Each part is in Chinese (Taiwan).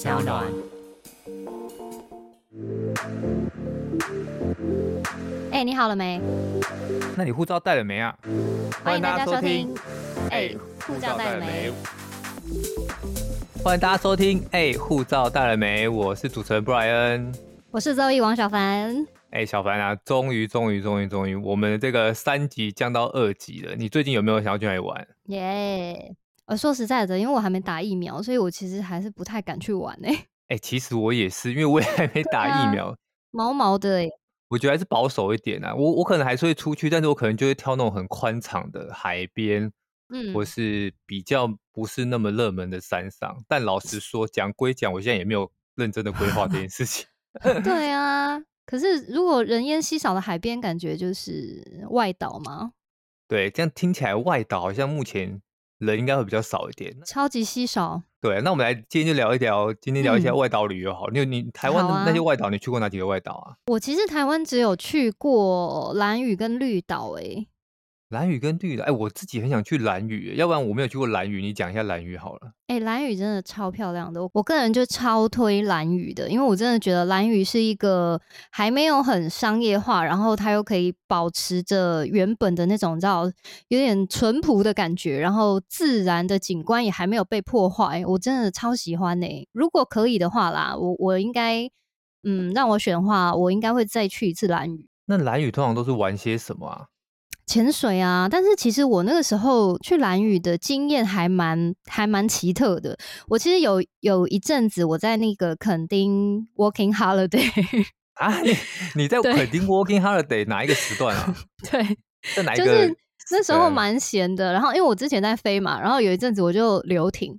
小暖，哎、欸，你好了沒？那你護照帶了沒啊？歡迎大家收聽，哎、欸，護照帶了沒？歡迎大家收聽，哎、欸，護照帶了沒？我是主持人 Brian，我是 Zoe 王小凡。哎、欸，小凡啊，終於，終於，終於，終於，我們這個三級降到二級了。你最近有沒有想要去哪裡玩？耶、yeah.！呃，說實在的，因為我還沒打疫苗，所以我其實還是不太敢去玩誒、欸。其實我也是，因為我也還沒打疫苗， 啊、毛毛的。我覺得還是保守一點啊。我我可能還是會出去，但是我可能就會挑那種很寬敞的海邊，嗯，或是比較不是那麼熱門的山上。但老實說，講歸講，我現在也沒有認真的規劃這件事情。 對啊，可是如果人煙稀少的海邊，感覺就是外島嘛。對，這樣聽起來外島好像目前。人應該會比較少一點，超級稀少。對，那我們來今天就聊一聊，今天聊一下外島旅遊好。有、嗯、你，你台灣那些外島、啊，你去過哪幾個外島啊？我其實台灣只有去過蘭嶼跟綠島、欸，哎。蘭嶼跟綠嶼的、欸，我自己很想去蘭嶼。要不然我沒有去過蘭嶼。你講一下蘭嶼好了。哎、欸，蘭嶼真的超漂亮的，我個人就超推蘭嶼的，因為我真的覺得蘭嶼是一個還沒有很商業化，然後它又可以保持着原本的那種，你知道，有點純樸的感覺，然後自然的景觀也還沒有被破壞、欸。我真的超喜歡呢、欸。如果可以的話啦，我我應該，嗯，讓我選的話，我應該會再去一次蘭嶼。那蘭嶼通常都是玩些什麼啊？潛水啊！但是其實我那個時候去蘭嶼的經驗還蠻還蠻奇特的。我其實有有一陣子我在那個墾丁 Working Holiday 啊，你你在墾丁 Working Holiday 哪一個時段啊？對， 在哪一個時段？就是那時候蠻閒的。然後因為我之前在飛嘛，然後有一陣子我就留停，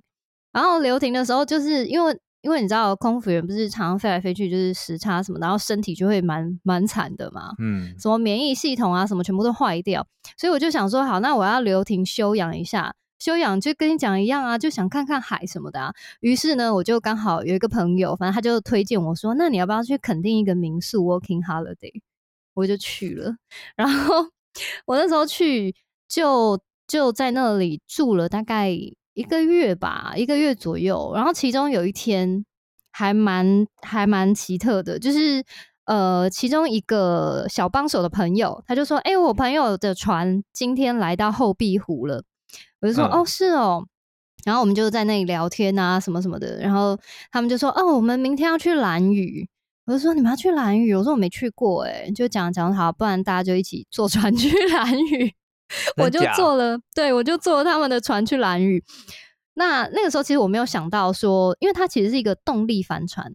然後留停的時候就是因為。因為你知道空服員不是常常飛來飛去，就是時差什麼，然後身體就會蠻蠻慘的嘛。嗯，什麼免疫系統啊，什麼全部都壞掉。所以我就想說，好，那我要留停休養一下，休養就跟你講一樣啊，就想看看海什麼的啊。於是呢，我就剛好有一個朋友，反正他就推薦我說，那你要不要去墾丁一個民宿，working holiday？我就去了。然後我那時候去，就就在那裡住了大概。一個月吧，一個月左右。然後其中有一天還蠻還蠻奇特的，就是呃，其中一個小幫手的朋友，他就說：“哎、欸，我朋友的船今天來到後壁湖了。”我就說、嗯：“哦，是哦。”然後我們就在那裡聊天啊，什麼什麼的。然後他們就說：“哦、啊，我們明天要去蘭嶼。”我就說：“你們要去蘭嶼？”我說：“我沒去過。”哎，就講講好，不然大家就一起坐船去蘭嶼。 我就坐了，對，我就坐他們的船去蘭嶼。那那個時候其實我沒有想到說，因為它其實是一個動力帆船，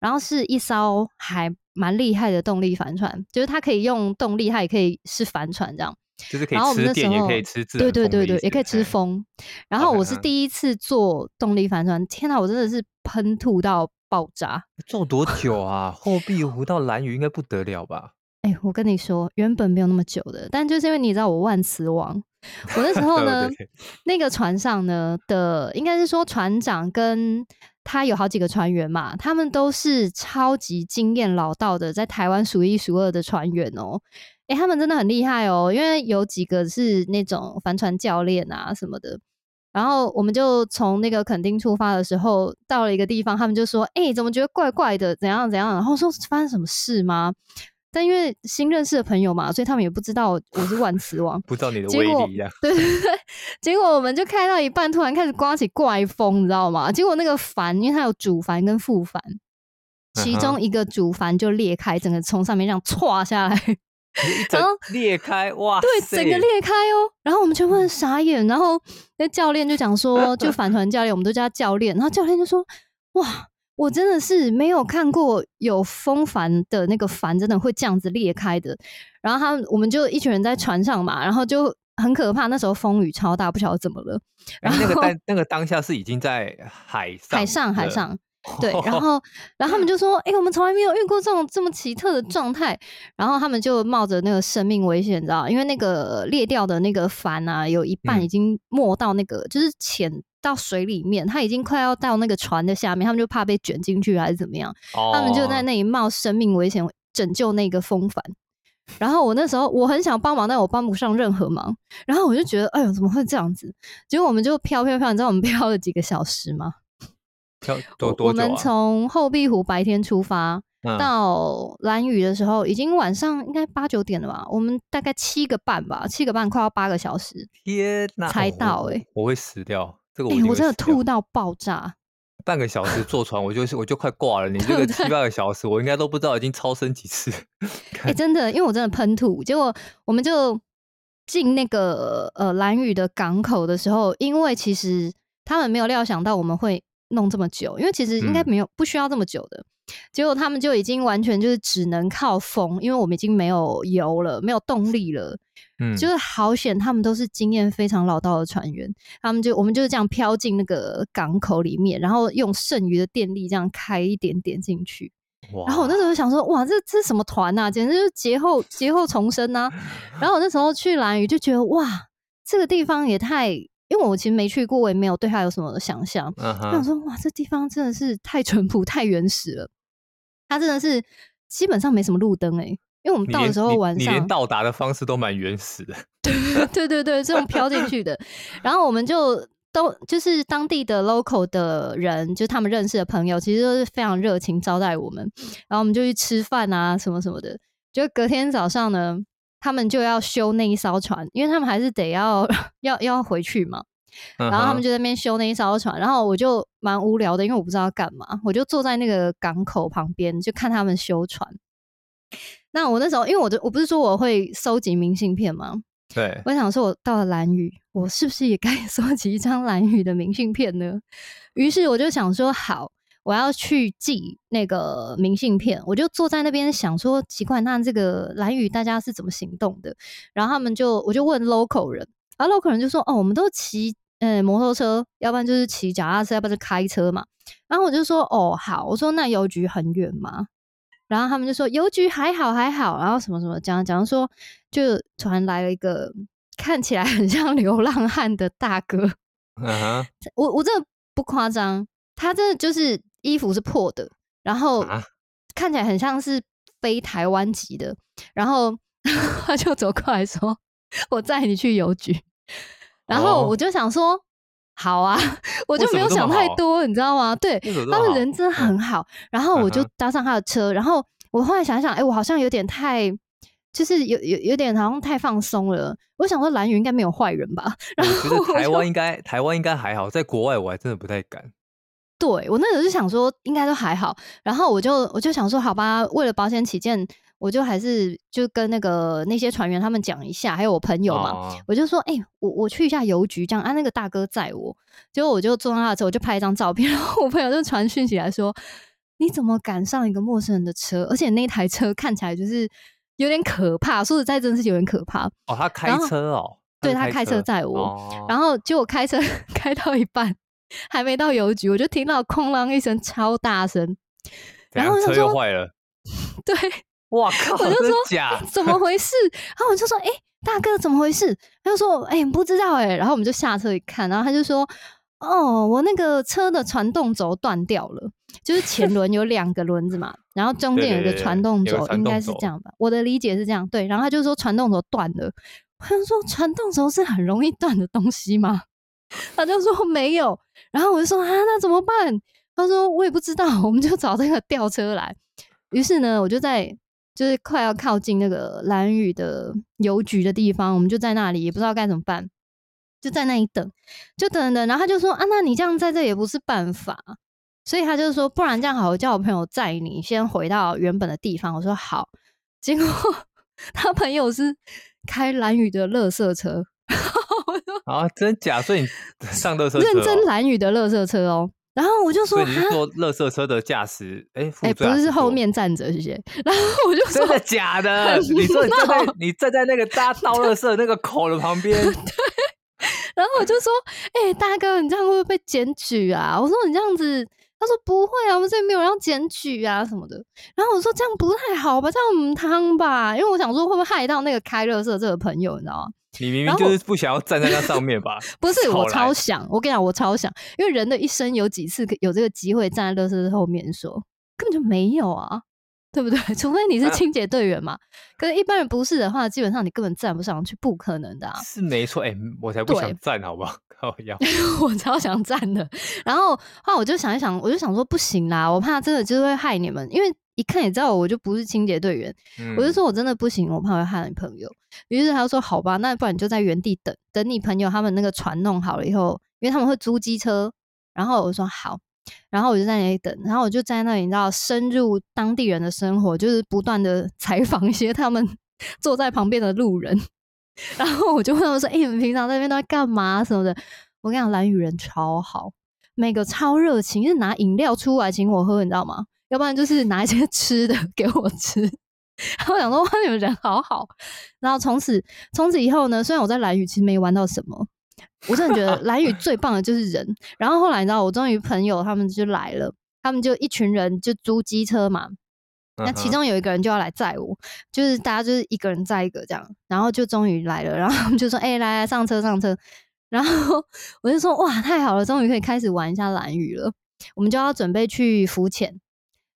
然後是一艘還蠻厲害的動力帆船，就是它可以用動力，它也可以是帆船這樣。就是可以吃，然後我們那時候也可以吃電，對對對對，也可以吃風。然後我是第一次坐動力帆船，okay. 天哪，我真的是噴吐到爆炸。坐多久啊？ 後壁湖到蘭嶼應該不得了吧？ 哎、欸，我跟你說，原本沒有那麼久的，但就是因為你知道我萬磁王，我那時候呢， 那個船上呢的，應該是說船長跟他有好幾個船員嘛，他們都是超級經驗老道的，在台灣數一數二的船員哦、喔。哎、欸，他們真的很厲害哦、喔，因為有幾個是那種帆船教練啊什麼的。然後我們就從那個墾丁出發的時候，到了一個地方，他們就說：“哎、欸，怎麼覺得怪怪的？怎樣怎樣？”然後說：“發生什麼事嗎？”但因為新認識的朋友嘛，所以他們也不知道我是萬磁王。 不知道你的威力呀、啊？對對對，結果我們就開到一半，突然開始刮起怪風，你知道嗎？結果那個帆，因為它有主帆跟副帆，其中一個主帆就裂開，整個從上面這樣垮下來， 然後裂開哇！對，整個裂開哦、喔。然後我們全部人傻眼，然後那教練就講說，就帆船教練，我們都叫他教練，然後教練就說，哇。我真的是沒有看過有風帆的那個帆真的會這樣子裂開的，然後他我們就一群人在船上嘛，然後就很可怕，那時候風雨超大，不曉得怎麼了。然後那個當那個當下是已經在海上，海上，海上。對，然後，然後他們就說：“哎、欸，我們從來沒有遇過這種這麼奇特的狀態。”然後他們就冒着那個生命危險，你知道，因為那個裂掉的那個帆啊，有一半已經沒到那個，嗯、就是潛到水裡面，它已經快要到那個船的下面，他們就怕被捲進去還是怎麼樣，哦、他們就在那裡冒生命危險拯救那個風帆。然後我那時候我很想幫忙，但我幫不上任何忙。然後我就覺得：“哎呦，怎麼會這樣子？”結果我們就飄飄飄，你知道我們飄了幾個小時嗎？多多啊、我，我們從後壁湖白天出發、嗯、到蘭嶼的時候，已經晚上應該八九點了吧，我們大概七個半吧，七個半快要八個小時、欸，天哪，才到哎！我會死掉，這個我，、欸、我真的吐到爆炸。半個小時坐船，我就是 我就快掛了。你這個七八個小時， 我應該都不知道已經超生幾次。哎、 欸， 真的，因為我真的噴吐，結果我們就進那個呃蘭嶼的港口的時候，因為其實他們沒有料想到我們會。弄這麼久，因為其實應該沒有、嗯、不需要這麼久的，結果他們就已經完全就是只能靠風，因為我們已經沒有油了，沒有動力了。嗯，就是好險，他們都是經驗非常老道的船員，他們就我們就是這樣飄進那個港口裡面，然後用剩餘的電力這樣開一點點進去。哇！然後我那時候想說，哇，這這什麼團吶、啊，簡直就是劫後劫後重生吶、啊。然後我那時候去蘭嶼就覺得，哇，這個地方也太……因為我其實沒去過，我也沒有對他有什麼想象。我、uh -huh. 想說，哇，這地方真的是太淳樸、太原始了。他真的是基本上沒什麼路燈誒、欸、因為我們到的時候晚上，你連到達的方式都蠻原始的。對 對對對，這種飄進去的。 然後我們就都就是當地的 local 的人，就是、他們認識的朋友，其實都是非常熱情招待我們。然後我們就去吃飯啊，什麼什麼的。就隔天早上呢。他們就要修那一艘船，因為他們還是得要要要回去嘛。然後他們就在那邊修那一艘船，uh -huh. 然後我就蠻無聊的，因為我不知道要幹嘛，我就坐在那個港口旁邊，就看他們修船。那我那時候，因為我的我不是說我會蒐集明信片嘛，對，我想說，我到了蘭嶼，我是不是也該蒐集一張蘭嶼的明信片呢？於是我就想說，好。我要去寄那個明信片，我就坐在那邊想說，奇怪，那這個蘭嶼大家是怎麼行動的？然後他們就我就問 local 人，而 local 人就說，哦，我們都騎呃摩托車，要不然就是騎腳踏車，要不然就是開車嘛。然後我就說哦好，我說那郵局很遠嗎？然後他們就說郵局還好還好。然後什麼什麼講講說，就突然來了一個看起來很像流浪漢的大哥，uh -huh. 我。我我真的不誇張，他真的就是。衣服是破的，然後看起來很像是非台灣籍的，然後他就走過來說：“我載你去郵局。”然後我就想說：“好啊， 我就沒有想太多，麼麼你知道嗎？”對，麼麼他們人真的很好、嗯。然後我就搭上他的車。嗯、然後我後來想想，哎、欸，我好像有點太，就是有有有點好像太放鬆了。我想說，蘭嶼應該沒有壞人吧？然後我，我覺得台灣應該台灣應該還好，在國外我還真的不太敢。對，我那時候就想說，應該都還好。然後我就我就想說，好吧，為了保險起見，我就還是就跟那個那些船員他們講一下，還有我朋友嘛，哦、我就說，哎、欸，我我去一下郵局，這樣啊，那個大哥載我。結果我就坐上他的車，我就拍一張照片。然後我朋友就傳訊息來說，你怎麼敢上一個陌生人的車？而且那台車看起來就是有點可怕，說實在，真是有點可怕。哦，他開車哦，開開車對他開車載我、哦，然後結果開車開到一半。還沒到郵局，我就聽到“哐啷”一聲，超大聲，然後我就說，車又壞了。 對，哇靠！ 我就說 怎麼回事？然後我就說：“哎、欸，大哥，怎麼回事？”他就說：“哎、欸，不知道。”誒然後我們就下車一看，然後他就說：“哦，我那個車的傳動軸斷掉了，就是前輪有兩個輪子嘛， 然後中間有個傳動軸，應該是這樣吧？ 我的理解是這樣，對。然後他就說傳動軸斷了。他就說，傳動軸是很容易斷的東西嘛。」 他就說沒有，然後我就說啊，那怎麼辦？他說我也不知道，我們就找這個吊車來。於是呢，我就在就是快要靠近那個蘭嶼的郵局的地方，我們就在那裡也不知道該怎麼辦，就在那裡等，就等等。然後他就說啊，那你這樣在這也不是辦法，所以他就說不然這樣好，我叫我朋友載你先回到原本的地方。我說好。結果他朋友是開蘭嶼的垃圾車。 好啊，真假？所以你上樂色車？哦，認真藍宇的樂色車哦。然後我就說，你是坐樂色車的駕駛，哎、啊，欸欸，不是，是後面站着謝謝。然後我就說，真的假的？你你站在你站在那個搭倒樂色那個口的旁邊。 對。然後我就說，哎、欸，大哥，你這樣會不會被檢舉啊？我說你這樣子。他說：“不會啊，我們這邊沒有要檢舉啊什麼的。”然後我說：“這樣不太好吧？這樣我們湯吧，因為我想說會不會害到那個開樂色這個朋友，你知道嗎？你明明就是不想要站在那上面吧？ 不是，我超想。我跟你講，我超想，因為人的一生有幾次有這個機會站在樂色的後面說，說根本就沒有啊。”對不對？除非你是清潔隊員嘛、啊，可是一般人不是的話，基本上你根本站不上去，不可能的，啊。是沒錯，哎、欸，我才不想站，好不好，靠腰 我超想站的。然後後來我就想一想，我就想說不行啦，我怕真的就會害你們，因為一看也知道我就不是清潔隊員，嗯，我就說我真的不行，我怕會害你朋友。於是他就說好吧，那不然你就在原地等等你朋友他們那個船弄好了以後，因為他們會租機車，然後我就說好。然後我就在那裡等，然後我就在那裡，你知道，深入當地人的生活，就是不斷的採訪一些他們坐在旁邊的路人。然後我就問他們說：“誒、欸，你們平常在那邊都在幹嘛什麼的？”我跟你講，蘭嶼人超好，每個超熱情，是拿飲料出來請我喝，你知道嗎？要不然就是拿一些吃的給我吃。然後我想說：“哇，你們人好好。”然後從此從此以後呢，雖然我在蘭嶼其實沒玩到什麼。 我真的覺得蘭嶼最棒的就是人。然後後來你知道，我終於朋友他們就來了，他們就一群人就租機車嘛。那其中有一個人就要來載我，就是大家就是一個人載一個這樣。然後就終於來了，然後他們就說：“哎，來來，上車，上車。”然後我就說：“哇，太好了，終於可以開始玩一下蘭嶼了。”我們就要準備去浮潛，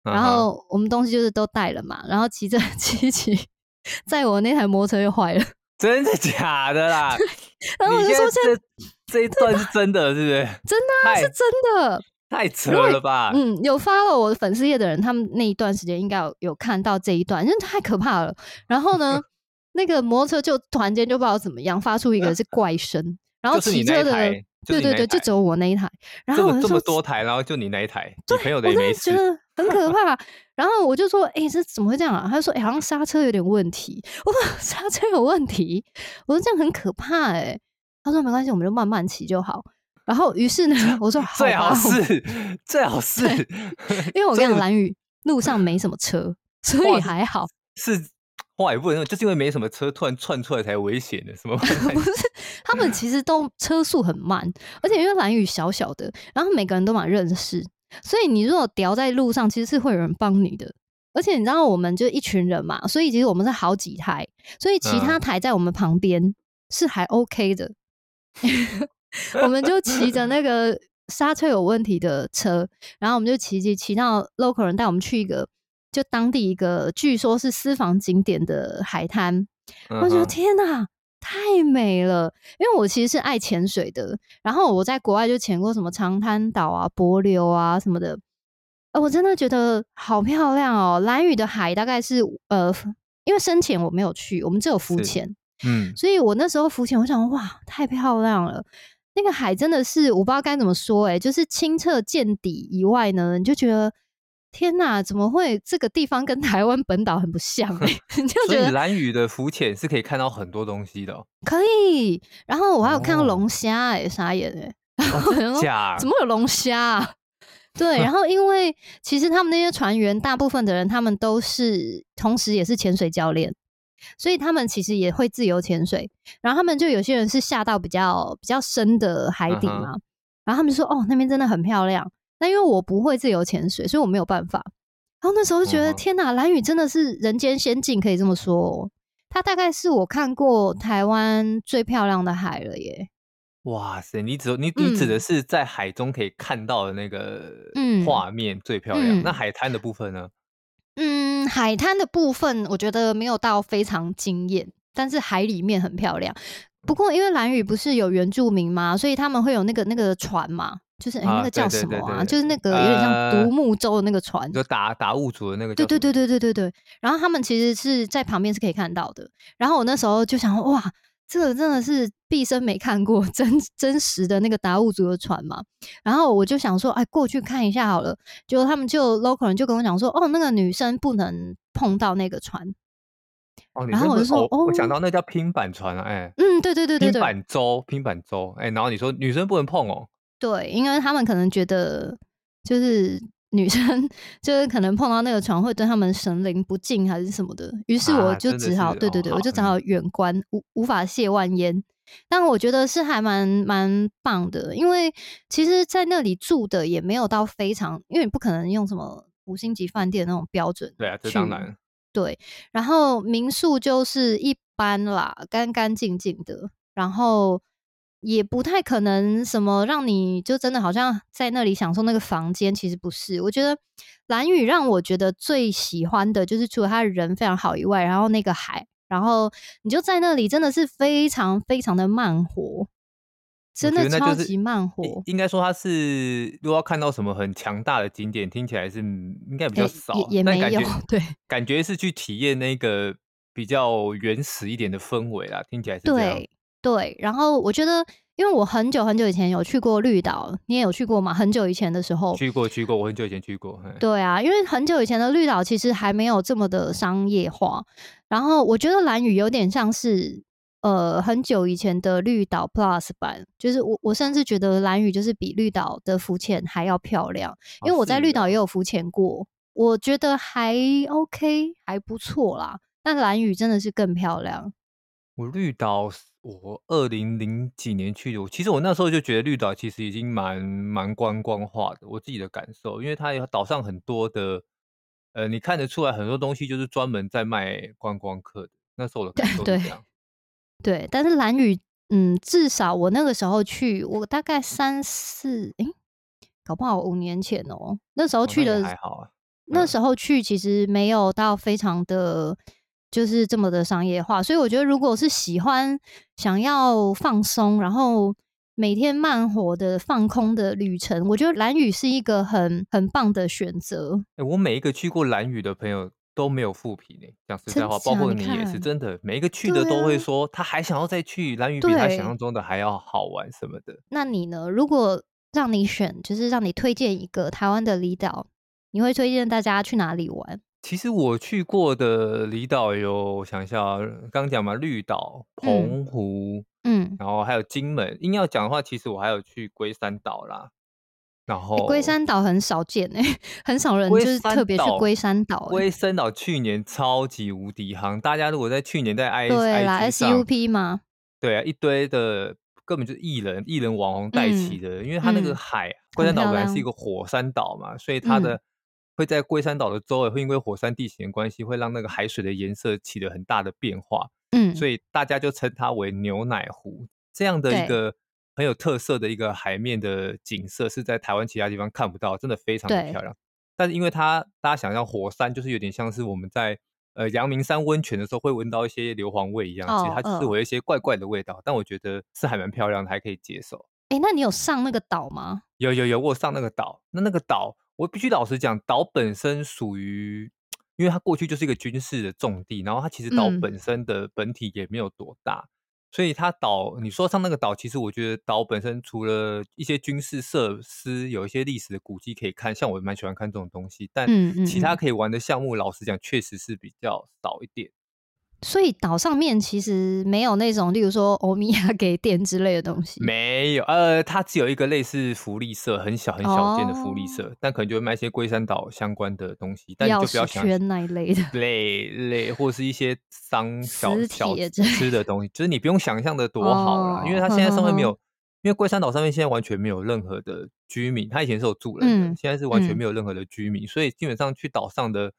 然後我們東西就是都帶了嘛。然後騎着騎騎，載我那台摩托車又壞了。真的假的啦？ 然後我就說，這這一段是真的，是不是？真的、啊，是真的，太扯了吧？嗯，有 follow 我的粉絲頁的人，他們那一段時間應該有有看到這一段，真的太可怕了。然後呢， 那個摩托車就突然間就不知道怎麼樣，發出一個是怪聲， 然後騎車的，就是就是、對對對，就只有我那一台，然後我就說、這麼、這麼多台，然後就你那一台，朋友的沒死，我覺得很可怕。 然後我就說：“誒、欸，這怎麼會這樣啊？”他就說、欸：“好像剎車有點問題。”我說：“剎車有問題？”我說：“這樣很可怕。”誒。他說：“沒關係，我們就慢慢騎就好。”然後於是呢，我說我：“最好是，最好是， 因為我跟蘭嶼、就是、路上沒什麼車，所以還好。”是。也不能說，就是因為沒什麼車突然竄出來才危險的，什麼？ 不是，他們其實都車速很慢，而且因為蘭嶼小小的，然後每個人都蠻認識，所以你如果掉在路上，其實是會有人幫你的。而且你知道，我們就一群人嘛，所以其實我們是好幾台，所以其他台在我們旁邊是還 OK 的。嗯、 我們就騎着那個剎車有問題的車，然後我們就騎騎騎到 local 人帶我們去一個。就當地一個據說是私房景點的海灘，uh -huh. 我覺得天吶太美了！因為我其實是愛潛水的，然後我在國外就潛過什麼長灘島啊、帛琉啊什麼的、呃，我真的覺得好漂亮哦，喔。蘭嶼的海大概是呃，因為深潛我沒有去，我們只有浮潛，嗯，所以我那時候浮潛，我想說哇，太漂亮了！那個海真的是我不知道該怎麼說、欸，哎，就是清澈見底以外呢，你就覺得。天吶，怎麼會這個地方跟台灣本島很不像、欸？ 所以蘭嶼的浮潛是可以看到很多東西的、哦。可以，然後我還有看到龍蝦，哎、哦，傻眼哎、欸！ 假？怎麼有龍蝦、啊？ 對，然後因為其實他們那些船員大部分的人，他們都是同時也是潛水教練，所以他們其實也會自由潛水。然後他們就有些人是下到比較比較深的海底嘛，嗯、然後他們就說：“哦，那邊真的很漂亮。”那因為我不會自由潛水，所以我沒有辦法。然後那時候就覺得天哪，蘭嶼真的是人間仙境，可以這麼說哦。它大概是我看過台灣最漂亮的海了耶！哇塞，你指你你指的是在海中可以看到的那個畫面最漂亮？那海灘的部分呢？嗯，海灘的部分我覺得沒有到非常驚豔，但是海裡面很漂亮。不過因為蘭嶼不是有原住民嗎？所以他們會有那個那個船嘛？就是哎、欸啊，那個叫什麼啊？對對對對，就是那個有點像獨木舟的那個船，呃、就達達悟族的那個。對對對對對對對。然後他們其實是在旁邊是可以看到的。然後我那時候就想說，哇，這個真的是畢生沒看過真真實的那個達悟族的船嘛？然後我就想說，哎、欸，過去看一下好了。結果他們就 local 人就跟我講說，哦、喔，那個女生不能碰到那個船。哦，然後我就說，哦，我講到那叫拼板船啊，哎、欸，嗯，對對對對對，對，拼板舟，拼板舟，哎、欸，然後你說女生不能碰哦。對，因為他們可能覺得就是女生就是可能碰到那個床會對他們神靈不敬還是什麼的，於是我就只好、啊、對對對、哦，我就只好遠觀、嗯，無無法褻玩焉。但我覺得是還蠻蠻棒的，因為其實在那裡住的也沒有到非常，因為你不可能用什麼五星級飯店那種標準。對啊，這當然對。然後民宿就是一般啦，乾乾淨淨的，然後。也不太可能什麼讓你就真的好像在那裡享受那個房間，其實不是。我覺得蘭嶼讓我覺得最喜歡的就是除了他人非常好以外，然後那個海，然後你就在那裡真的是非常非常的慢活，真的超級慢活。應該說它是，他是如果要看到什麼很強大的景點，聽起來是應該比較少、欸也，也沒有。對，感覺，感覺是去體驗那個比較原始一點的氛圍啦。聽起來是這樣。對對，然後我覺得，因為我很久很久以前有去過綠島，你也有去過嘛，很久以前的時候。去過去過，我很久以前去過。對啊，因為很久以前的綠島其實還沒有這麼的商業化。然後我覺得蘭嶼有點像是，呃，很久以前的綠島 Plus 版，就是我我甚至覺得蘭嶼就是比綠島的浮潛還要漂亮，啊，因為我在綠島也有浮潛過，我覺得還 OK，還不錯啦。但蘭嶼真的是更漂亮。我綠島。我二零零幾年去的。其實我那時候就覺得綠島其實已經蠻蠻觀光化的，我自己的感受，因為它有島上很多的，呃，你看得出來很多東西就是專門在賣觀光客的。那時候的是我的感受，對，對。但是蘭嶼，嗯，至少我那個時候去，我大概三四，哎，搞不好五年前哦，那時候去的、哦、還好啊、嗯，那時候去其實沒有到非常的。就是這麼的商業化，所以我覺得，如果是喜歡想要放鬆，然後每天慢活的放空的旅程，我覺得蘭嶼是一個很很棒的選擇。欸，我每一個去過蘭嶼的朋友都沒有負評誒。講實在話，包括你也是真的，每一個去的都會說，他還想要再去蘭嶼，比他想象中的還要好玩什麼的。那你呢？如果讓你選，就是讓你推薦一個台灣的離島，你會推薦大家去哪裡玩？其實我去過的離島有，我想一下、啊，剛剛講嘛，綠島、澎湖，嗯，然後還有金門。硬要講的話，其實我還有去龜山島啦。然後龜、欸、山島很少見誒、欸，很少人就是龜特別去龜山島、欸。龜山島去年超級無敵夯，大家如果在去年在 I 對啦 SUP 嘛，對啊，一堆的，根本就是藝人、藝人網紅帶起的、嗯，因為它那個海，龜、嗯、山島本來是一個火山島嘛，所以它的。嗯會在龜山島的周圍，會因為火山地形的關係，會讓那個海水的顏色起了很大的變化。嗯，所以大家就稱它為“牛奶湖”。這樣的一個很有特色的一個海面的景色，是在台灣其他地方看不到，真的非常的漂亮。但是因為它大家想象火山，就是有點像是我們在呃陽明山溫泉的時候會聞到一些硫磺味一樣，其實它就是有一些怪怪的味道，哦。但我覺得是還蠻漂亮的，還可以接受。誒，那你有上那個島嗎？有有有，我上那個島，那那個島。我必須老實講，島本身屬於，因為它過去就是一個軍事的重地，然後它其實島本身的本體也沒有多大，嗯。所以它島你說上那個島，其實我覺得島本身除了一些軍事設施，有一些歷史的古蹟可以看，像我蠻喜歡看這種東西，但其他可以玩的項目，老實講確實是比較少一點。所以島上面其實沒有那種，例如說歐米亞給店之類的東西，沒有。呃，它只有一個類似福利社，很小很小間的福利社，oh. 但可能就會賣一些龜山島相關的東西，但你就不要想要那一類的類類，或是一些商小體小，小 吃的東西，就是你不用想象的多好啦，oh. 因為它現在上面沒有，oh. 因為龜山島上面現在完全沒有任何的居民，它以前是有住人的，嗯、現在是完全沒有任何的居民，嗯、所以基本上去島上的。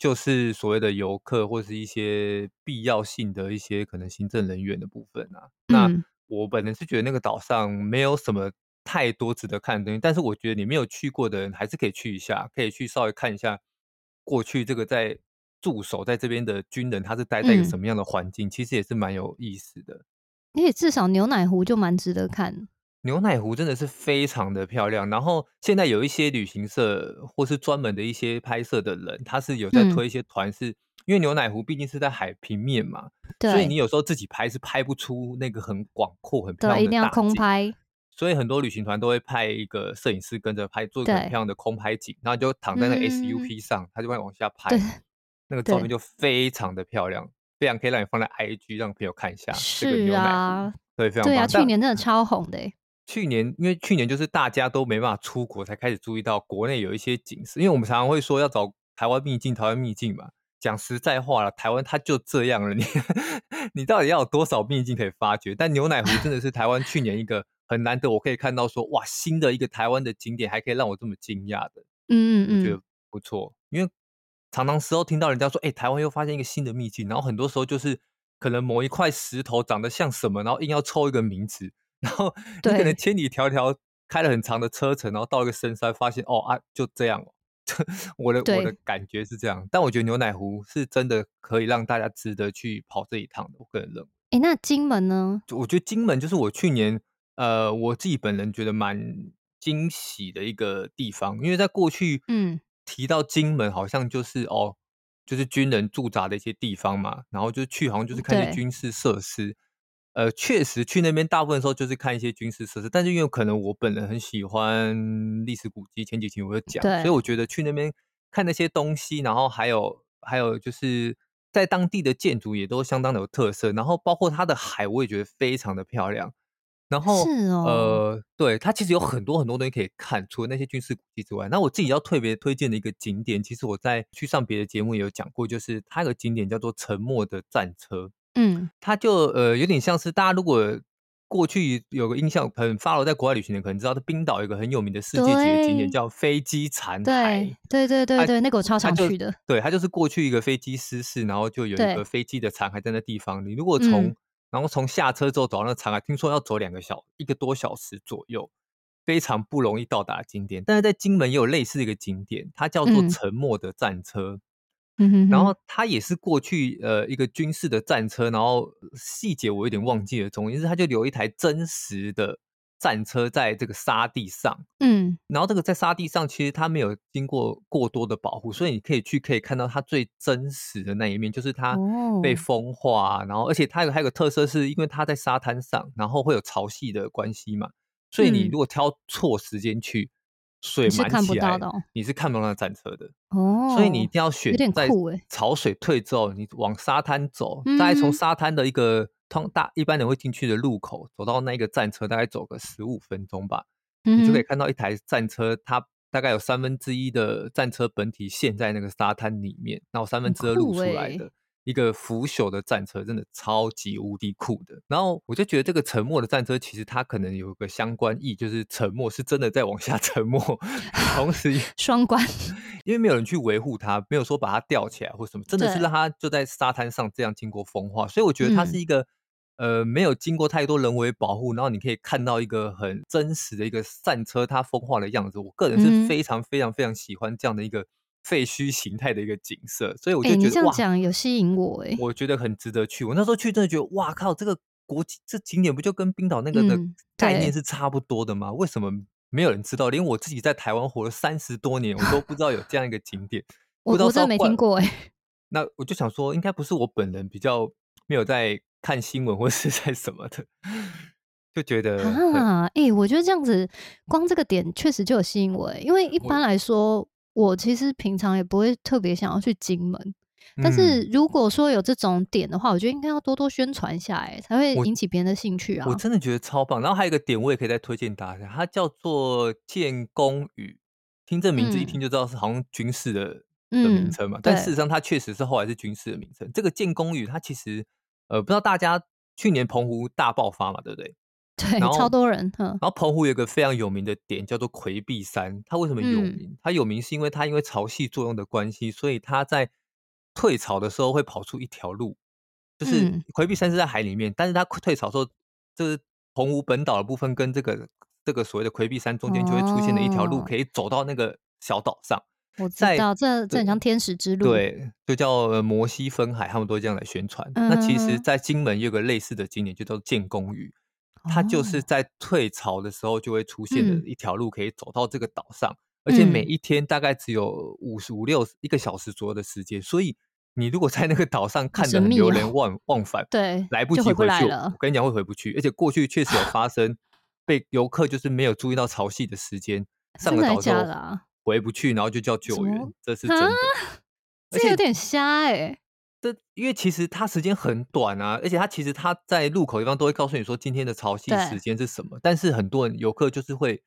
就是所謂的遊客，或是一些必要性的一些可能行政人員的部分啊。嗯，那我本人是覺得那個島上沒有什麼太多值得看的東西，但是我覺得你沒有去過的人還是可以去一下，可以去稍微看一下過去這個在駐守在這邊的軍人他是待在一個什麼樣的環境，嗯，其實也是蠻有意思的。因為至少牛奶湖就蠻值得看。牛奶湖真的是非常的漂亮。然後現在有一些旅行社或是專門的一些拍攝的人，他是有在推一些團，是、嗯、因為牛奶湖畢竟是在海平面嘛，對，所以你有時候自己拍是拍不出那個很廣闊、很漂亮的大景。對，一定要空拍。所以很多旅行團都會派一個攝影師跟着拍，做一個很漂亮的空拍景，然後就躺在那 S U P 上，嗯，他就會往下拍對，那個照片就非常的漂亮，非常可以讓你放在 I G 讓朋友看一下這個牛奶湖。是啊，對，非常對啊，去年真的超紅的，欸。去年，因為去年就是大家都沒辦法出國，才開始注意到國內有一些景色。因為我們常常會說要找台灣秘境，台灣秘境嘛。講實在話了，台灣它就這樣了，你呵呵你到底要有多少秘境可以發掘？但牛奶湖真的是台灣 去年一個很難得，我可以看到說哇，新的一個台灣的景點，還可以讓我這麼驚訝的。嗯，嗯我覺得不錯。因為常常時候聽到人家說，哎、欸，台灣又發現一個新的秘境，然後很多時候就是可能某一塊石頭長得像什麼，然後硬要抽一個名字。然後你可能千里迢迢開了很長的車程，然後到一個深山，發現哦啊，就這樣。 我的我的感覺是這樣，但我覺得牛奶湖是真的可以讓大家值得去跑這一趟的，我個人認為。誒那金門呢？我覺得金門就是我去年呃我自己本人覺得蠻驚喜的一個地方，因為在過去嗯提到金門，好像就是、嗯、哦就是軍人駐紮的一些地方嘛，然後就去好像就是看一些軍事設施。呃，確實去那邊大部分的時候就是看一些軍事設施，但是因為可能我本人很喜歡歷史古蹟，前幾期我有講，所以我覺得去那邊看那些東西，然後還有還有就是在當地的建築也都相當的有特色，然後包括它的海，我也覺得非常的漂亮。然後是哦，呃，對，它其實有很多很多東西可以看，除了那些軍事古蹟之外，那我自己要特別推薦的一個景點，其實我在去上別的節目也有講過，就是它有個景點叫做沉默的戰車。嗯，它就呃有點像是大家如果過去有個印象，很 follow 在國外旅行的可能知道，冰島有一個很有名的世界級的景點叫飛機殘骸對。對對對對那個我超常去的。對，它就是過去一個飛機失事，然後就有一個飛機的殘骸在那地方。你如果從然後從下車之後走到那殘骸，嗯，聽說要走兩個小時一個多小時左右，非常不容易到達的景點。但是在金門也有類似一個景點，它叫做沉默的戰車。嗯然後它也是過去呃一個軍事的戰車，然後細節我有點忘記了。總之，他就留一台真實的戰車在這個沙地上。嗯，然後這個在沙地上其實它沒有經過過多的保護，所以你可以去可以看到它最真實的那一面，就是它被風化，哦。然後而且它有還有個特色，是因為它在沙灘上，然後會有潮汐的關係嘛，所以你如果挑錯時間去。嗯水滿起來，你是看不到那、哦、戰車的哦，oh, 所以你一定要選在潮水退之後，欸、你往沙灘走、嗯，大概從沙灘的一個通大一般人會進去的路口走到那個戰車，大概走個十五分鐘吧、嗯，你就可以看到一台戰車，它大概有三分之一的戰車本體陷在那個沙灘裡面，然後三分之二露出來的。嗯一個腐朽的戰車，真的超級無敵酷的。然後我就覺得這個沉默的戰車，其實它可能有一個相關意義，就是沉默是真的在往下沉默。 同時雙關，因為沒有人去維護它，沒有說把它吊起來或什麼，真的是讓它就在沙灘上這樣經過風化。所以我覺得它是一個、嗯、呃，沒有經過太多人為保護，然後你可以看到一個很真實的一個戰車它風化的樣子。我個人是非常非常非常喜歡這樣的一個。廢墟形態的一個景色，所以我就覺得、欸、你這樣講哇，有吸引我哎、欸！我覺得很值得去。我那時候去真的覺得，哇靠，這個國際這景點不就跟冰島那個的、嗯、概念是差不多的嗎？為什麼沒有人知道？連我自己在台灣活了三十多年，我都不知道有這樣一個景點， 我，我真的沒聽過哎、欸。那我就想說，應該不是我本人比較沒有在看新聞或是在什麼的， 就覺得啊哎、欸，我覺得這樣子光這個點確實就有吸引我、欸，因為一般來說。我其實平常也不會特別想要去金門、嗯，但是如果說有這種點的話，我覺得應該要多多宣傳下來，才會引起別人的興趣啊。我，我真的覺得超棒。然後還有一個點，我也可以再推薦大家，它叫做建功嶼。聽這個名字一聽就知道是好像軍事的、嗯、的名稱嘛、嗯，但事實上它確實是後來是軍事的名稱。這個建功嶼，它其實呃，不知道大家去年澎湖大爆發嘛，對不對？對，超多人，然後澎湖有個非常有名的點叫做奎壁山，它為什麼有名、嗯？它有名是因為它因為潮汐作用的關係，所以它在退潮的時候會跑出一條路，就是奎壁山是在海裡面，嗯、但是它退潮的時候，就是澎湖本島的部分跟這個這個所謂的奎壁山中間就會出現的一條路，可以走到那個小島上、哦在。我知道，這這很像天使之路，對，就叫摩西分海，他們都這樣來宣傳、嗯。那其實，在金門有個類似的景點，就叫做建功嶼。它就是在退潮的時候就會出現的一條路，可以走到這個島上、嗯，而且每一天大概只有五十五六一個小時左右的時間。所以你如果在那個島上看得很流連忘返往返，對，來不及回去回來了。我跟你講，會回不去。而且過去確實有發生，被遊客就是沒有注意到潮汐的時間， 上個島就回不去，然後就叫救援，這是真的。這有點瞎哎、欸。這因為其實它時間很短啊，而且它其實它在路口一般都會告訴你說，今天的潮汐時間是什麼，但是很多人遊客就是會，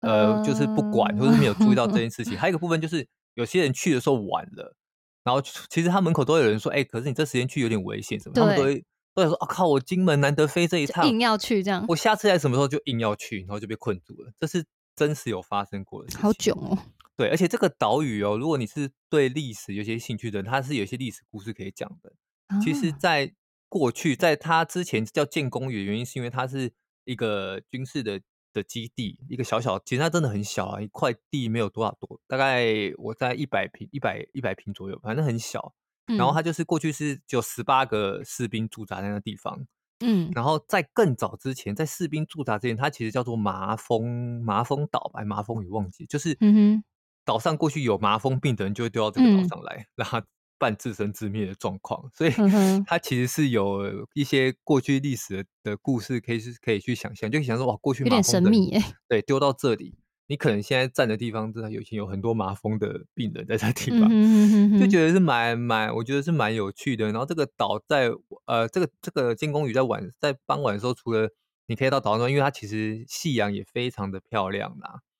呃，就是不管、呃、或者沒有注意到這件事情。還有一個部分就是有些人去的時候晚了， 然後其實他門口都會有人說，哎、欸，可是你這時間去有點危險，什麼他們都會，都會說啊靠，我金門難得飛這一趟硬要去這樣，我下次來什麼時候就硬要去，然後就被困住了，這是真實有發生過的事情，好囧哦。對，而且這個島嶼哦，如果你是對歷史有些興趣的人，它是有些歷史故事可以講的。哦、其實，在過去，在它之前叫建功嶼的原因，是因為它是一個軍事的的基地，一個小小，其實它真的很小啊，一塊地沒有多少多，大概我在一百坪、一百一百坪左右，反正很小。然後它就是過去是只有十八個士兵駐紮在那個地方，嗯，然後在更早之前，在士兵駐紮之前，它其實叫做麻風麻風島，哎，麻風嶼忘記，就是，嗯哼。島上過去有麻風病的人就會丟到這個島上來，嗯、讓他半自生自滅的狀況。所以、嗯、它其實是有一些過去歷史的故事，可以是可以去想象，就可以想說哇，過去蠻有點神秘耶。對，丟到這裡，你可能現在站的地方，之前有很多麻風的病人在這地方，嗯、哼哼哼哼就覺得是蠻蠻，我覺得是蠻有趣的。然後這個島在呃，這個這個金公嶼在晚在傍晚的時候，除了你可以到島上，因為它其實夕陽也非常的漂亮啦、啊。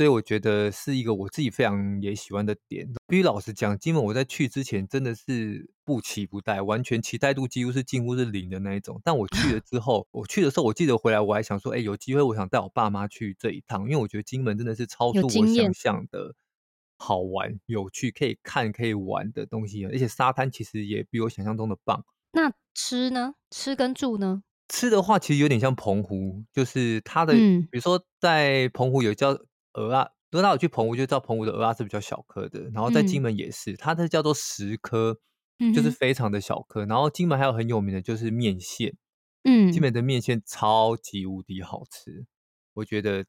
所以我覺得是一個我自己非常也喜歡的點。必須老實講，金門我在去之前真的是不期不待，完全期待度幾乎是近乎是零的那一種。但我去了之後， 我去的時候，我記得回來我還想說，哎、欸，有機會我想帶我爸媽去這一趟，因為我覺得金門真的是超出我想象的好玩有、有趣，可以看可以玩的東西，而且沙灘其實也比我想象中的棒。那吃呢？吃跟住呢？吃的話其實有點像澎湖，就是它的，嗯、比如說在澎湖有叫。蚵仔，都到我去澎湖就知道，澎湖的蚵仔是比較小顆的。然後在金門也是，嗯、它的叫做石蚵，嗯，就是非常的小顆。然後金門還有很有名的就是麵線，嗯，金門的麵線超級無敵好吃。我覺得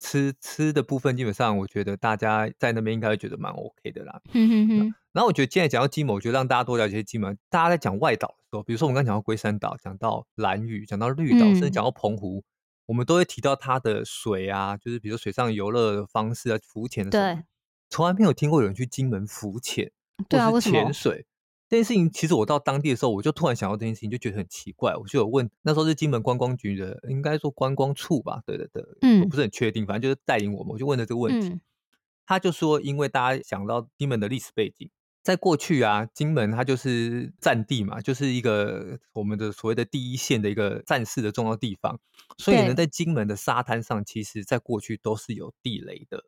吃吃的部分，基本上我覺得大家在那邊應該會覺得蠻 OK 的啦，嗯哼哼。然後我覺得現在講到金門，我覺得讓大家多了解金門。大家在講外島的時候，比如說我們剛講到龜山島，講到蘭嶼，講到綠島，嗯，甚至講到澎湖。我們都會提到他的水啊，就是比如水上遊樂的方式啊，浮潛的時候。對，從來沒有聽過有人去金門浮潛，對、啊、是潛水這件事情。其實我到當地的時候，我就突然想到這件事情，就覺得很奇怪。我就有問，那時候是金門觀光局的，應該說觀光處吧？對對對，嗯，我不是很確定，反正就是帶領我們，我就問了這個問題。嗯、他就說，因為大家想到金門的歷史背景。在過去啊，金門它就是戰地嘛，就是一個我們的所謂的第一線的一個戰事的重要地方。所以呢，在金門的沙灘上，其實在過去都是有地雷的。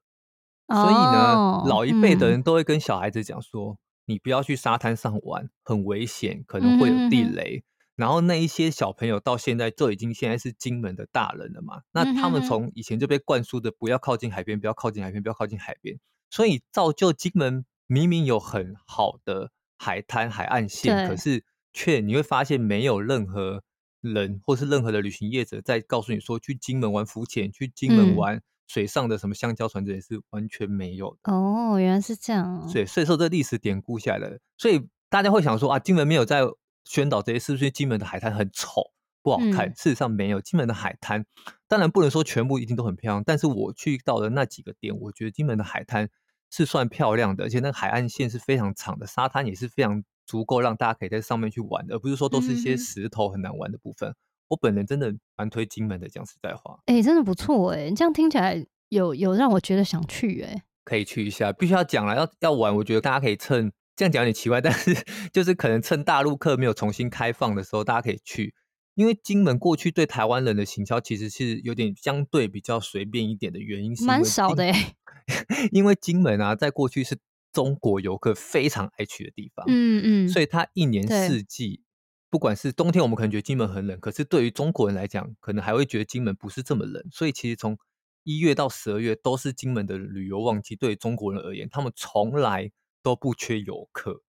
Oh, 所以呢，老一輩的人都會跟小孩子講說、嗯：“你不要去沙灘上玩，很危險，可能會有地雷。嗯哼哼”然後那一些小朋友到現在就已經現在是金門的大人了嘛。嗯、哼哼那他們從以前就被灌輸的不要靠近海邊，不要靠近海邊，不要靠近海邊。所以造就金門。明明有很好的海灘海岸線，可是卻你會發現沒有任何人或是任何的旅行業者在告訴你說去金門玩浮潛，嗯、去金門玩水上的什麼香蕉船，這也是完全沒有的。哦，原來是這樣，啊。所以，所以說這歷史典故下來了，所以大家會想說啊，金門沒有在宣導這些，是不是金門的海灘很醜不好看，嗯？事實上沒有，金門的海灘當然不能說全部一定都很漂亮，但是我去到的那幾個點，我覺得金門的海灘。是算漂亮的，而且那個海岸線是非常長的，沙灘也是非常足夠讓大家可以在上面去玩的，而不是說都是一些石頭很難玩的部分。嗯、我本人真的蠻推金門的，講實在話，哎，真的不錯哎、欸，你這樣聽起來有有讓我覺得想去哎、欸，可以去一下，必須要講了，要要玩，我覺得大家可以趁，這樣講有點奇怪，但是就是可能趁大陸客沒有重新開放的時候，大家可以去。因為金門過去對台灣人的行銷其實是有點相對比較隨便一點的原因，蠻少的誒。 因為金門啊，在過去是中國遊客非常愛去的地方，嗯嗯，所以它一年四季，不管是冬天，我們可能覺得金門很冷，可是對於中國人來講，可能還會覺得金門不是這麼冷。所以其實從一月到十二月都是金門的旅遊旺季，對於中國人而言，他們從來都不缺遊客。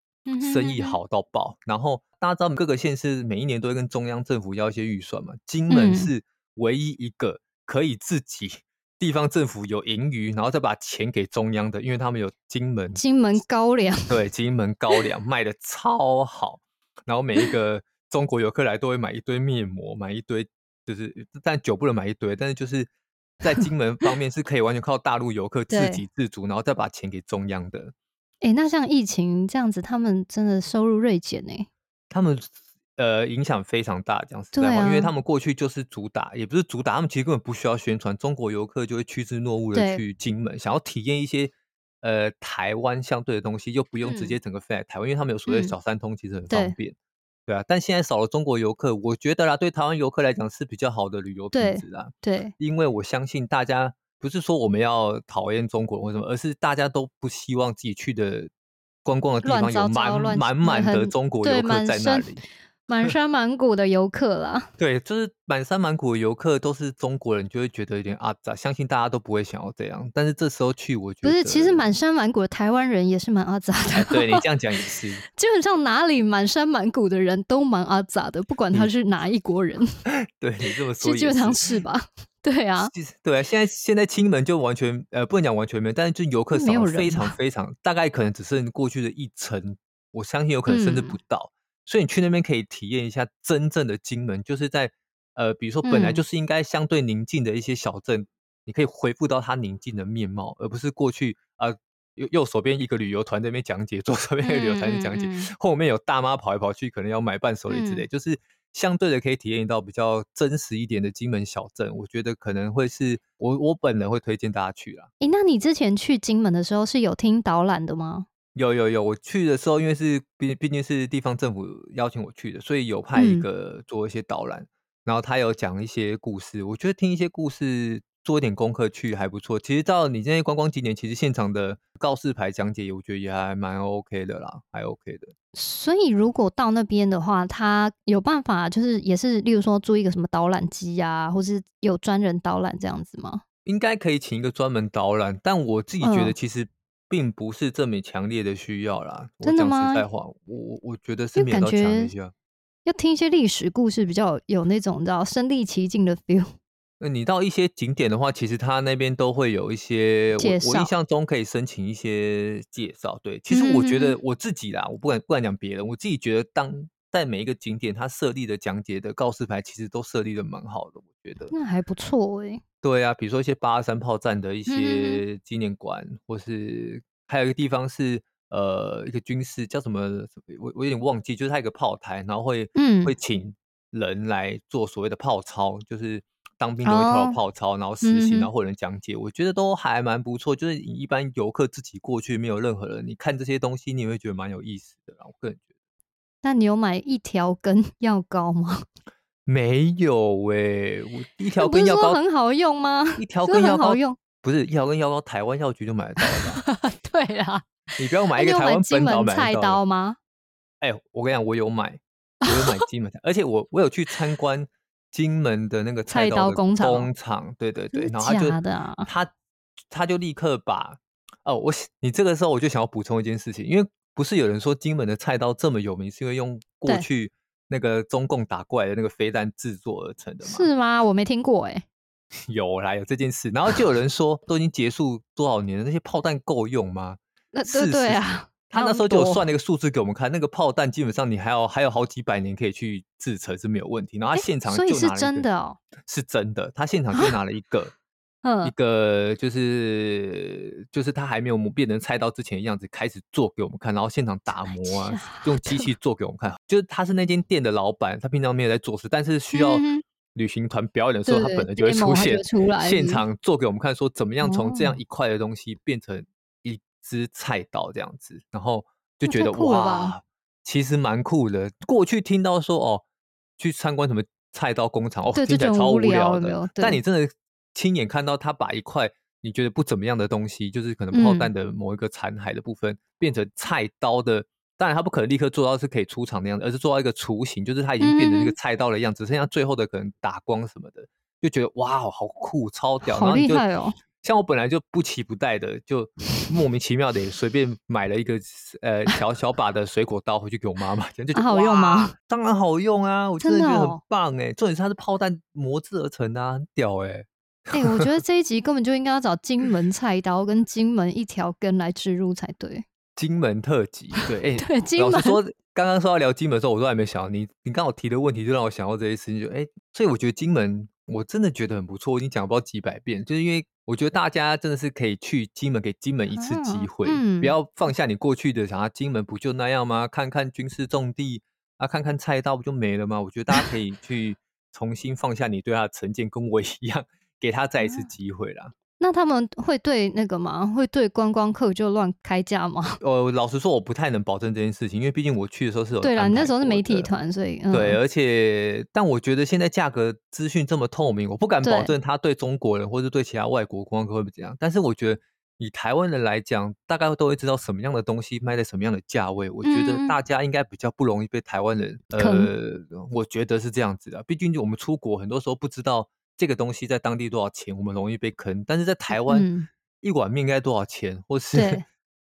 生意好到爆，然後大家知道我們各個縣是每一年都會跟中央政府要一些預算嘛。金門是唯一一個可以自己地方政府有盈餘，然後再把錢給中央的，因為他們有金門金門高粱，對，金門高粱賣得超好，然後每一個中國遊客來都會買一堆面膜，買一堆就是，但酒不能買一堆，但是就是在金門方面是可以完全靠大陸遊客自給自足，然後再把錢給中央的。哎、欸，那像疫情這樣子，他們真的收入銳減呢？他們呃影響非常大，這樣子對、啊，因為他們過去就是主打，也不是主打，他們其實根本不需要宣傳，中國遊客就會趨之若鶩的去金門，想要體驗一些呃台灣相對的東西，又不用直接整個飛來台灣、嗯，因為他們有所謂的小三通、嗯，其實很方便對，對啊。但現在少了中國遊客，我覺得啦，對台灣遊客來講是比較好的旅遊品質啦，對，對、呃，因為我相信大家。不是說我們要討厭中國人或什麼，而是大家都不希望自己去的觀光的地方有滿滿滿的中國遊客在那裡，滿山滿谷的遊客啦。 對，就是滿山滿谷的遊客都是中國人，就會覺得有點阿雜。相信大家都不會想要這樣。但是這時候去，我覺得不是，其實滿山滿谷的台灣人也是蠻阿雜的。 對，你這樣講也是， 基本上哪裡滿山滿谷的人都蠻阿雜的，不管他是哪一國人。嗯、 對，你這麼說是，基本上是吧？對啊其實，對啊，現在現在金門就完全呃不能講完全沒有，但是就遊客少，非常非常、啊，大概可能只剩過去的一成。我相信有可能甚至不到、嗯。所以你去那邊可以體驗一下真正的金門，就是在呃比如說本來就是應該相對寧靜的一些小鎮，嗯、你可以恢復到它寧靜的面貌，而不是過去啊右、呃、右手邊一個旅遊團在那邊講解，左手邊一個旅遊團在講解嗯嗯，後面有大媽跑來跑去，可能要買伴手禮之類，嗯、就是。相對的，可以體驗到比較真實一點的金門小鎮，我覺得可能會是我我本人會推薦大家去啦。哎，那你之前去金門的時候是有聽導覽的嗎？有有有，我去的時候，因為是畢畢竟是地方政府邀請我去的，所以有派一個做一些導覽，嗯、然後他有講一些故事，我覺得聽一些故事。做一點功課去還不錯。其實到你這些觀光景點，其實現場的告示牌講解，我覺得也還蠻 OK 的啦，還 OK 的。所以如果到那邊的話，他有辦法，就是也是，例如說租一個什麼導覽機啊，或是有專人導覽這樣子嗎？應該可以請一個專門導覽，但我自己覺得其實並不是這麼強烈的需要啦。嗯、我真的嗎？講實在話，我我覺得是比較強烈一些，要聽一些歷史故事，比較有那種你知道身臨其境的 feel。那你到一些景點的話，其實他那邊都會有一些，我我印象中可以申請一些介紹。對，其實我覺得我自己啦，嗯、我不敢不敢講別人，我自己覺得當在每一個景點，他設立的講解的告示牌，其實都設立的蠻好的，我覺得。那還不錯誒、欸、對啊，比如說一些八二三炮戰的一些紀念館、嗯，或是還有一個地方是呃一個軍事叫什麼，我我有點忘記，就是它一個炮台，然後會、嗯、會請人來做所謂的炮操，就是。商品都會跳到跑操、oh, 然嗯，然後實習，然後有人講解，我覺得都還蠻不錯。就是一般遊客自己過去，沒有任何人，你看這些東西，你會覺得蠻有意思的。然後我個人覺得，那你有買一條根藥膏嗎？沒有、欸、我一條根藥膏很好用嗎？一條根藥膏好用，不是一條根藥膏，台灣藥局就買得到了 對啊，你不要買一個台灣本島買有買金門菜刀嗎？哎、欸，我跟你講，我有買，我有買金門菜刀 而且我我有去參觀。金門的那個菜刀工廠，對對對，然後他就的、啊、他他就立刻把哦，我你這個時候我就想要補充一件事情，因為不是有人說金門的菜刀這麼有名，是因為用過去那個中共打過來的那個飛彈制作而成的嗎？是嗎？我沒聽過、欸，哎 ，有啦，有這件事，然後就有人說，都已經結束多少年了，那些炮彈夠用嗎？那對對啊。是是他那時候就有算了一個數字給我們看，那個炮彈基本上你還要還有好幾百年可以去制成是沒有問題、欸。然後他現場就拿了一個是真的、喔，是真的，他現場就拿了一個，嗯，一個就是就是他還沒有變成菜刀之前的樣子，開始做給我們看，然後現場打磨啊，用機器做給我們看。就是他是那間店的老闆，他平常沒有在做事，但是需要旅行團表演的時候、嗯，他本來就會出現出來，現場做給我們看，說怎麼樣從這樣一塊的東西變成。之菜刀這樣子，然後就覺得哇，其實蠻酷的。過去聽到說哦，去參觀什麼菜刀工廠哦，聽起來超無聊的。無聊有沒有，但你真的親眼看到他把一塊你覺得不怎麼樣的東西，就是可能炮彈的某一個殘骸的部分、嗯，變成菜刀的。當然，他不可能立刻做到是可以出廠的樣子，而是做到一個雛形，就是他已經變成一個菜刀的樣子、嗯，剩下最後的可能打光什麼的，就覺得哇、哦，好酷，超屌，然後你就好厲害哦！像我本來就不期不待的，就莫名其妙的隨便買了一個呃小小把的水果刀回去給我媽媽。 就啊、好用嗎？當然好用啊！我真的覺得很棒哎、哦。重點是它是炮彈磨制而成的、啊，很屌哎。哎、 欸，我覺得這一集根本就應該要找金門菜刀跟金門一條根來植入才對。金門特輯，對，哎， 對。欸、金門特輯，剛剛說到聊金門的時候，我都還沒想你。你剛好提的問題就讓我想到這些事情，就哎、欸，所以我覺得金門。我真的覺得很不錯，我已經講不知道幾百遍，就是因為我覺得大家真的是可以去金門，給金門一次機會，不要放下你過去的，想要金門不就那樣嗎？看看軍事重地啊，看看菜刀不就沒了嗎？我覺得大家可以去重新放下你對他的成見，跟我一樣，給他再一次機會啦。那他們會對那個嗎？會對觀光客就亂開價嗎？呃，老實說，我不太能保證這件事情，因為畢竟我去的時候是有的對啊，你那時候是媒體團，所以，嗯、對，而且，但我覺得現在價格資訊這麼透明，我不敢保證他對中國人或者對其他外國觀光客會不會這樣。但是，我覺得以台灣人來講，大概都會知道什麼樣的東西賣在什麼樣的價位。我覺得大家應該比較不容易被台灣人、嗯、呃，我覺得是這樣子的。畢竟我們出國很多時候不知道。這個東西在當地多少錢，我們容易被坑；但是在台灣，嗯、一碗麵應該多少錢，或是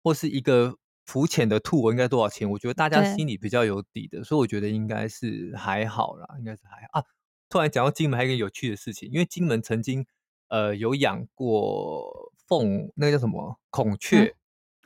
或是一個浮潛的兔窩應該多少錢？我覺得大家心裡比較有底的，所以我覺得應該是還好啦，應該是還好。啊。突然講到金門，還有一個有趣的事情，因為金門曾經呃有養過鳳，那個叫什麼孔雀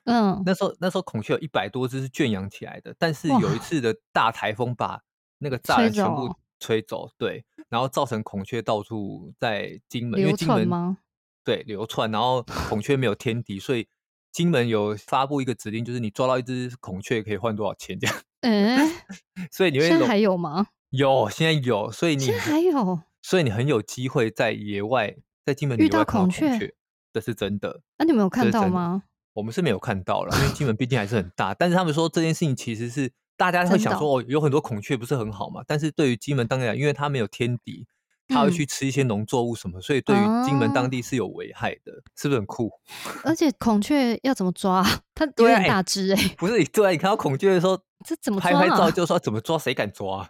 嗯？嗯，那時候那時候孔雀有一百多只是圈養起來的，但是有一次的大台風把那個柵欄全、全部吹走，對。然後造成孔雀到處在金門，流因為金門流竄嗎？對流竄，然後孔雀沒有天敵，所以金門有發布一個指令，就是你抓到一隻孔雀可以換多少錢這樣。嗯、欸， 所以你會有現在還有嗎？有，現在有，所以你現在還有，所以你很有機會在野外在金門到遇到孔雀，這是真的。那、啊、你們有看到嗎？我們是沒有看到了，因為金門畢竟還是很大， 但是他們說這件事情其實是。大家會想說哦，有很多孔雀不是很好嘛？但是對於金門當地，因為它沒有天敵，它會去吃一些農作物什麼，嗯、所以對於金門當地是有危害的。啊，是不是很酷？而且孔雀要怎麼抓？它有點大隻哎，不是你，啊、你看到孔雀的時候，這怎麼抓，啊、拍拍照就說怎麼抓？誰敢抓？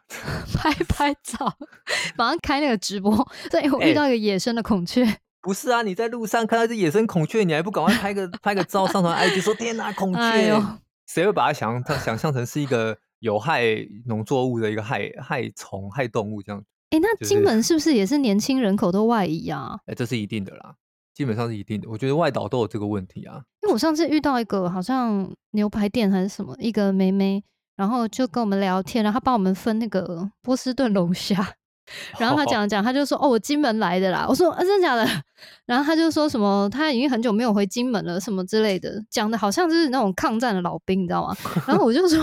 拍拍照， 馬上開那個直播。對，我遇到一個野生的孔雀，欸，不是啊？你在路上看到這野生孔雀，你還不趕快拍個 拍個照上傳 IG 說天哪，啊，孔雀！哎誰會把它想象想象成是一個有害農作物的一個害 害蟲害、害動物這樣子？哎，欸，那金門是不是也是年輕人口都外移啊？誒、欸、這是一定的啦，基本上是一定的。我覺得外島都有這個問題啊。因為我上次遇到一個好像牛排店還是什麼一個妹妹，然後就跟我們聊天，然後他幫我們分那個波士頓龍蝦。然後他講了講，他就說：“哦，我金門來的啦。”我說：“啊，真的假的？”然後他就說什麼：“他已經很久沒有回金門了，什麼之類的。”講的好像就是那種抗戰的老兵，你知道嗎？然後我就說：“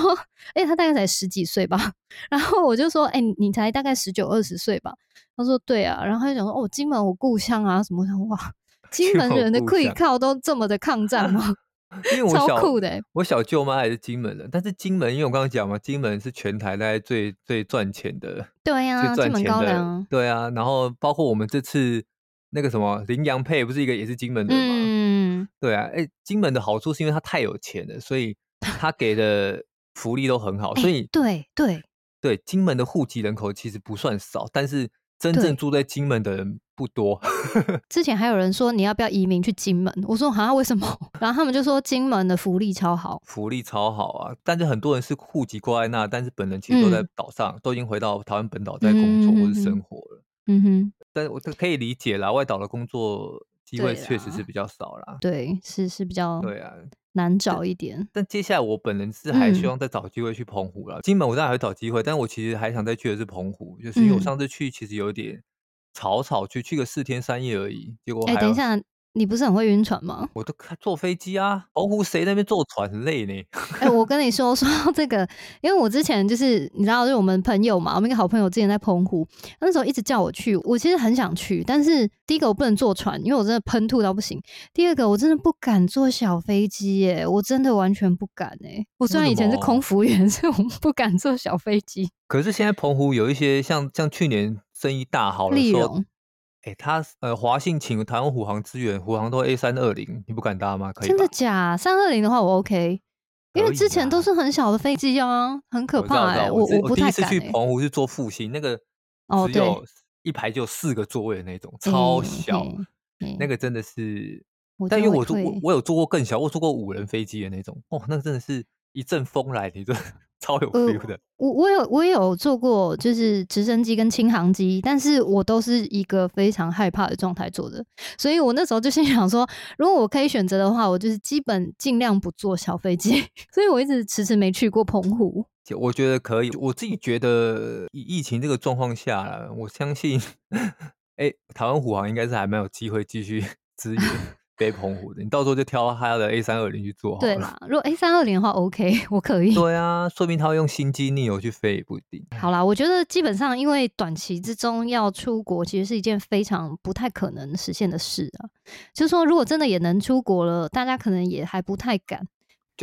哎、 欸，他大概才十幾歲吧。”然後我就說：“哎、欸，你才大概十九二十歲吧？”他說：“對啊。”然後他就講說：“哦，金門我故鄉啊，什麼的哇，金門人的潰靠都這麼的抗戰嗎？” 因為我小的、欸、我小舅媽也是金門的，但是金門因為我剛剛講嘛，金門是全台大概最最賺錢的，對啊，最賺錢的，對啊。然後包括我們這次那個什麼林陽配不是一個也是金門的嗎？嗯對啊。哎、欸，金門的好處是因為他太有錢了，所以他給的福利都很好。 所以、欸、對對對，金門的戶籍人口其實不算少，但是真正住在金門的人。不多。之前還有人說你要不要移民去金門，我說好像為什麼？ 然後他們就說金門的福利超好，福利超好啊！但是很多人是戶籍掛在那，但是本人其實都在島上、嗯，都已經回到台灣本島在工作或者生活了。嗯哼、嗯嗯，但我都可以理解啦，外島的工作機會確實是比較少啦。對，是是比較對啊，難找一點。但接下來我本人是還希望再找機會去澎湖啦、嗯。金門我當然還會找機會，但我其實還想再去的是澎湖，就是我上次去其實有點、嗯。草草去去個四天三夜而已，結果哎、欸，等一下，你不是很會暈船嗎？我都坐飛機啊，澎湖誰在那邊坐船累呢？哎 欸，我跟你說說這個，因為我之前就是你知道，就是我們朋友嘛，我們一個好朋友之前在澎湖，那時候一直叫我去，我其實很想去，但是第一個我不能坐船，因為我真的噴吐到不行；第二個我真的不敢坐小飛機耶，我真的完全不敢哎。我雖然以前是空服員，所以 我們不敢坐小飛機。可是現在澎湖有一些像像去年。生意大好了，利用、欸、他呃，華信請台灣虎航支援，虎航都 A 三二零，你不敢搭嗎？可以？真的假的？三二零的話，我 OK，因為之前都是很小的飛機啊，很可怕、欸、我我，我，我，我，不太敢、欸、我第一次去澎湖是坐復興，那個只有一排就四個座位的那種，哦、超小、嗯嗯嗯，那個真的是。但因為我坐我我有坐過更小，我坐過五人飛機的那種，哦，那個真的是一陣風來的，你就。超有 feel 的、呃，我我有我也有坐過，就是直升機跟輕航機，但是我都是一個非常害怕的狀態坐的，所以我那時候就心想說，如果我可以選擇的話，我就是基本盡量不坐小飛機，所以我一直遲遲沒去過澎湖。我覺得可以，我自己覺得疫疫情這個狀況下，我相信，哎、欸，台灣虎航應該是還蠻有機會繼續支援。 飛澎湖的，你到時候就挑他的 A 三二零，去做好了。對啦，如果 A 三二零的話，OK，我可以。對啊，說明他會用心機逆游去飛也不一定。好啦，我覺得基本上因為短期之中要出國，其實是一件非常不太可能實現的事啊。就是說，如果真的也能出國了，大家可能也還不太敢。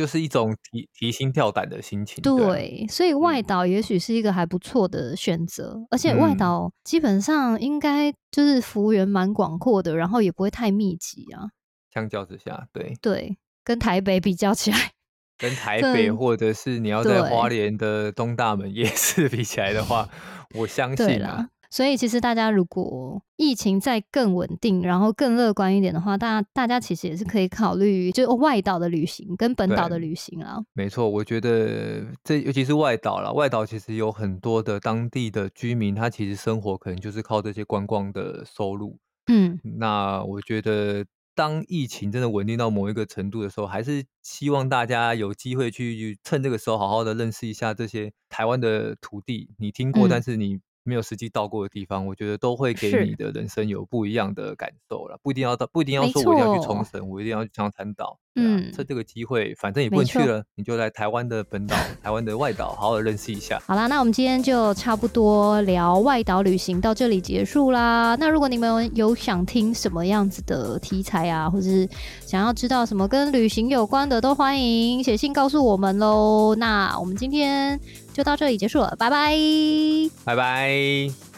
就是一種提提心吊膽的心情。對，對，所以外島也許是一個還不錯的選擇，嗯，而且外島基本上應該就是服務員蠻廣闊的，然後也不會太密集啊。相較之下，對對，跟台北比較起來，跟台北或者是你要在花蓮的東大門夜市比起來的話， 我相信啊。啊所以其實大家如果疫情再更穩定，然後更樂觀一點的話，大家大家其實也是可以考慮，就外島的旅行跟本島的旅行啊。沒錯，我覺得這尤其是外島啦，外島其實有很多的當地的居民，他其實生活可能就是靠這些觀光的收入。嗯，那我覺得。當疫情真的穩定到某一個程度的時候，還是希望大家有機會去趁這個時候好好的認識一下這些台灣的土地。你聽過，但是你。沒有實際到過的地方，我覺得都會給你的人生有不一樣的感受了。不一定要到，不一定要說我一定要去沖繩，我一定要去長灘島啊。嗯，趁這，這個機會，反正也不能去了，你就來台灣的本島， 台灣的外島，好好的認識一下。好啦，那我們今天就差不多聊外島旅行到這裡結束啦。那如果你們有想聽什麼樣子的題材啊，或者是想要知道什麼跟旅行有關的，都歡迎寫信告訴我們嘍。那我們今天。就到這裡結束了，拜拜，拜拜。